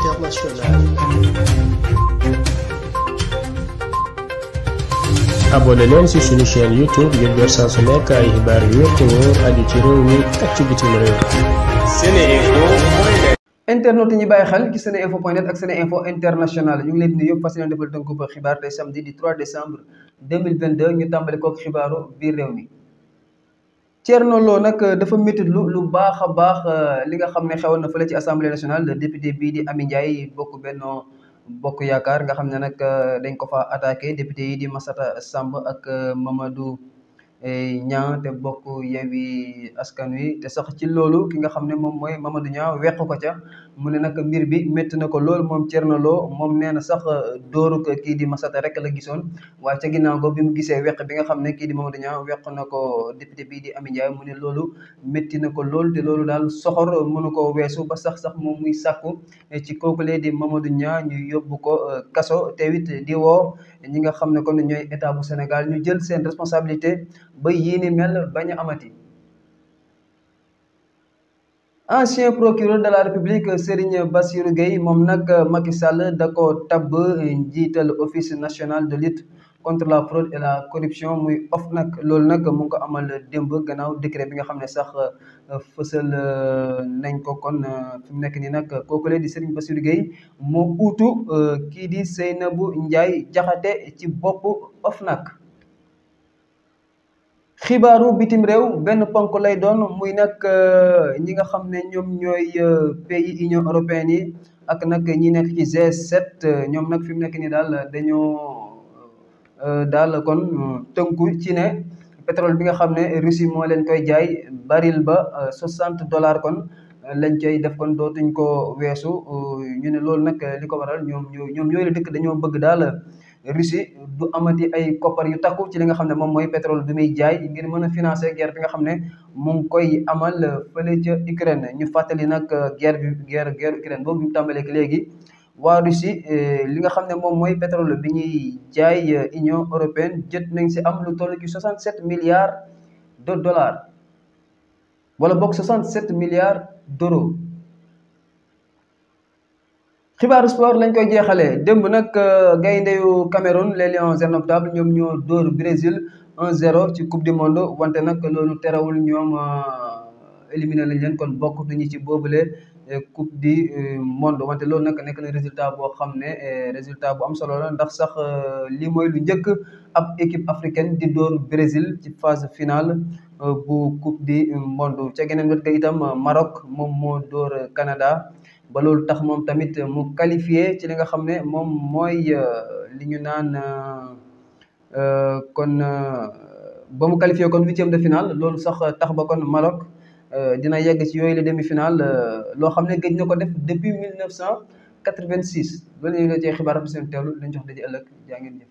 internationale. abonné leen ci suñu chaîne YouTube ngir jot saa su nekk ay yu wér te wóor aju ci réew mi ak ci bitim réew. SeneInfo. internet ñi bàyyi xel ci seneinfo.net ak seneinfo international ñu ngi leen di nuyu yëpp fas yéene defal tënku ba xibaar tey samedi di 3 décembre 2022 ñu tàmbali kook xibaaru biir réew mi. Thierno Lo nag euh, dafa métti lu lu baax a baax euh, li nga xam ne xewoon na la ci assemblée nationale le député di Amy Ndiaye bokk Benno Bokk Yaakaar nga xam ne nag euh, dañ ko fa attaqué député yi di Massata Samb ak Mamadou. ñaa te bokk Yewwi Askan Wi te sax ci loolu ki nga xam ne moom mooy mamadu Niang weq ko ca mu ne nag mbir bi métti na ko lool moom Thierno Lo moom nee na sax dóoru ko kii di Massata rek la gisoon waaye ca ginnaaw ko bi mu gisee weq bi nga xam ne kii di Mamadou Niang weq na ko député bii di Amy Ndiaye mu ne loolu métti na ko lool te loolu daal soxor ne ko weesu ba sax sax moom muy sàkku ci kookulee di mamadu Niang ñu yóbbu ko euh, kaso te it di woo ñi nga xam ne kon ñooy état bu Sénégal ñu jël seen responsabilité ba yii ni mel bañ a amati ancien procureur de la république Serigne Bassirou Gueye moom nag Macky Sall da ko tabb njiital office national de lutte contre la fraude et la corruption muy of nag loolu nag mu ngi ko amal démb gannaaw décret bi nga xam ne sax euh, fësal euh, nañ ko euh, mu nekk ni nag kookule di Serigne Bassirou Gueye moo uutu kii di Seynabou Ndiaye Diakhaté ci bopp of nag xibaaru bitim réew benn ponk lay doon muy nag euh, ñi nga xam ne ñoom ñooy euh, pays union européenne yi ak nag ñi nekk ci G7 euh, ñoom nag fi mu nekk nii daal dañoo daal kon tënku ci ne pétrole bi nga xam ne Russie moo lañ koy jaay baril ba 60 dollars kon lañ cay def kon dootuñ ko weesu ñu ne loolu nag li ko waral ñoom ñoo ñoom yooyu la dëkk dañoo bëgg daal. Russie du amati ay koppar yu takku ci li nga xam ne moom mooy pétrole bi muy jaay ngir mën a financer guerre bi nga xam ne mu ngi koy amal fële ca Ukraine ñu fàttali nag euh, guerre bi guerre guerre Ukraine boobu ñu tàmbaleek léegi waa Russie euh, li nga xam ne moom mooy pétrole bi ñuy jaay euh, Union européenne jët nañ si am lu toll ci 67 milliards de dollars wala boog 67 milliards d'euros xibaaru sport lañ koy jeexalee démb nag euh, gaynde yu Cameroun les Lions indomptables ñoom ñoo dóor Brésil 1-0 ci coupe du monde wante nag loolu terewul ñoom euh, éliminé nañ leen kon bokk nañu ci boobule euh, coupe du monde wante loolu nag nekk na résultat boo xam ne résultat bu am solo la ndax sax lii mooy lu njëkk ab équipe africaine di dóor Brésil ci phase finale bu coupe du monde ca geneen ga itam Maroc moom moo door Canada. ba loolu tax moom tamit mu qualifié ci li nga xam ne moom mooy euh, li ñu naan euh, euh, kon ba mu qualifié kon huitième de finale loolu sax tax ba kon Maroc dina yegg ci yooyu la demi-finale loo xam ne gëj na ko def depuis mille neuf cent quatre-vingt-six loolu la ñuy la cee xibaar am seen teewlu lañ jox ci ëllëg jaa ngeen jëf